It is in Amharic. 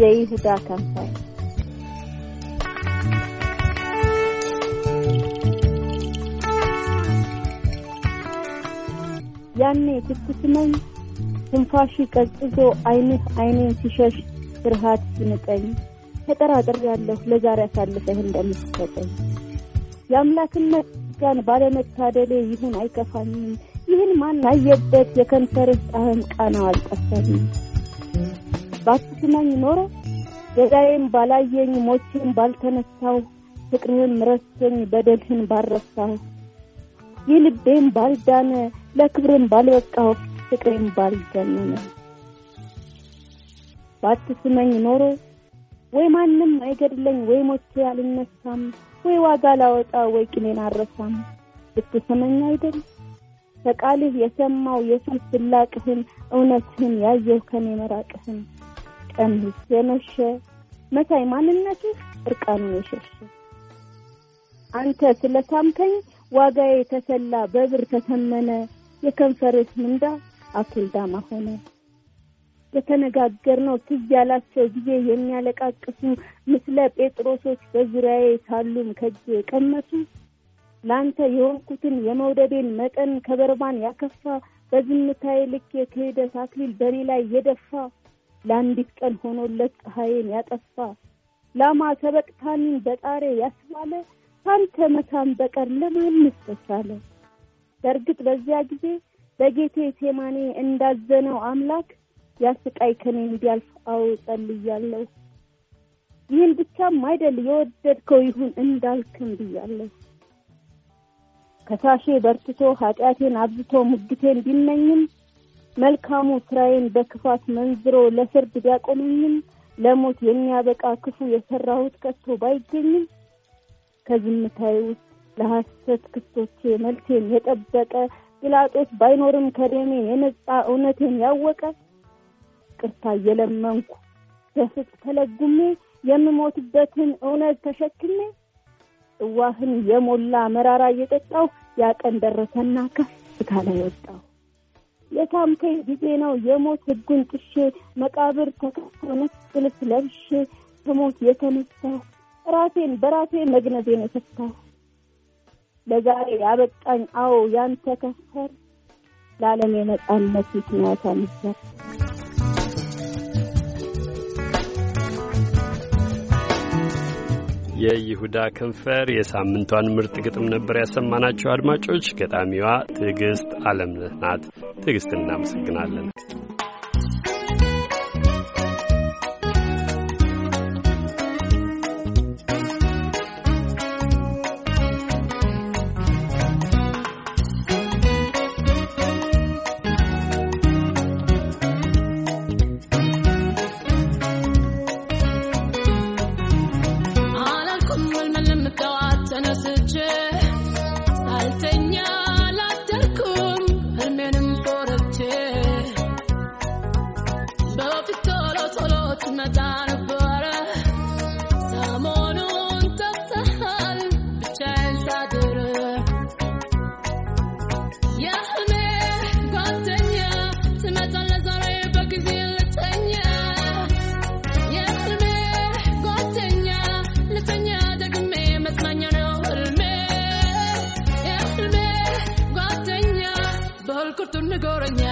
የይሁዳ ከንፈር ያኔ ትኩስ ነኝ ትንፋሽ ቀዝቅዞ ዓይንህ ዓይኔን ሲሸሽ ፍርሃት ሲንጠኝ ተጠራጥር ያለሁ ለዛሬ አሳልፈህ እንደምትሰጠኝ የአምላክነት ጋን ባለመታደሌ ይሁን አይከፋኝም። ይህን ማን አየበት የከንፈርህ ጣህም ቃናው አልጠፋኝም። ባትስማኝ ኖሮ ገዳዬም ባላየኝ ሞቼም ባልተነሳው ፍቅርህን ረስተኝ በደልህን ባልረሳው ይህ ባልዳነ ለክብርም ባልበቃው ፍቅሬም ባልገነነ ባትስመኝ ኖሮ ወይ ማንም አይገድለኝ ወይ ሞቼ አልነሳም ወይ ዋጋ ላወጣ ወይ ቅኔን አረሳም ብትስመኝ አይደል ከቃልህ የሰማው የሱስ ፍላቅህን እውነትህን ያየው ከኔ መራቅህን ቀን የመሸ መሳይ ማንነት እርቃኑ የሸሸ አንተ ስለ ሳምከኝ ዋጋዬ የተሰላ በብር ተተመነ የከንፈርስ ምንዳ አኩልዳማ ሆነ። የተነጋገርነው ትዝ ያላቸው ጊዜ የሚያለቃቅሱ ምስለ ጴጥሮሶች በዙሪያዬ ሳሉም ከእጅ የቀመሱ ለአንተ የሆንኩትን የመውደዴን መጠን ከበርባን ያከፋ በዝምታዬ ልክ የክህደት አክሊል በእኔ ላይ የደፋ ለአንዲት ቀን ሆኖለት ፀሐይን ያጠፋ ላማ ተበቅታኒን በጣሬ ያስባለ ካንተ መካን በቀር ለማን ተሳለ። በእርግጥ በዚያ ጊዜ በጌቴ ቴማኔ እንዳዘነው አምላክ ያስቃይ ከኔ እንዲያልፍ አዎ ጸልያለሁ። ይህን ብቻም አይደል የወደድከው ይሁን እንዳልክም ብያለሁ። ከሳሼ በርትቶ ኃጢአቴን አብዝቶ ሙግቴን ቢመኝም መልካሙ ስራዬን በክፋት መንዝሮ ለፍርድ ቢያቆመኝም ለሞት የሚያበቃ ክፉ የሰራሁት ቀጥቶ ባይገኝም ከዝምታዬ ውስጥ ለሐሰት ክሶቼ መልሴን የጠበቀ ጲላጦስ ባይኖርም ከደሜ የነጻ እውነቴን ያወቀ ቅርታ እየለመንኩ በፍቅ ተለጉሜ የምሞትበትን እውነት ተሸክሜ እዋህን የሞላ መራራ እየጠጣሁ ያቀን ደረሰና ከፍታ ላይ ወጣሁ። የታምከኝ ጊዜ ነው የሞት ህጉን ጥሼ መቃብር ተከፍቶ ነጭ ልብስ ለብሼ ከሞት የተነሳ ራሴን በራሴ መግነዜን ሰታ ለዛሬ ያበቃኝ አዎ ያንተ ከንፈር ለዓለም የነጻነት ምክንያት ነበር። የይሁዳ ከንፈር የሳምንቷን ምርጥ ግጥም ነበር ያሰማናቸው። አድማጮች ገጣሚዋ ትዕግስት አለም ናት። ትዕግስት እናመሰግናለን። gorengnya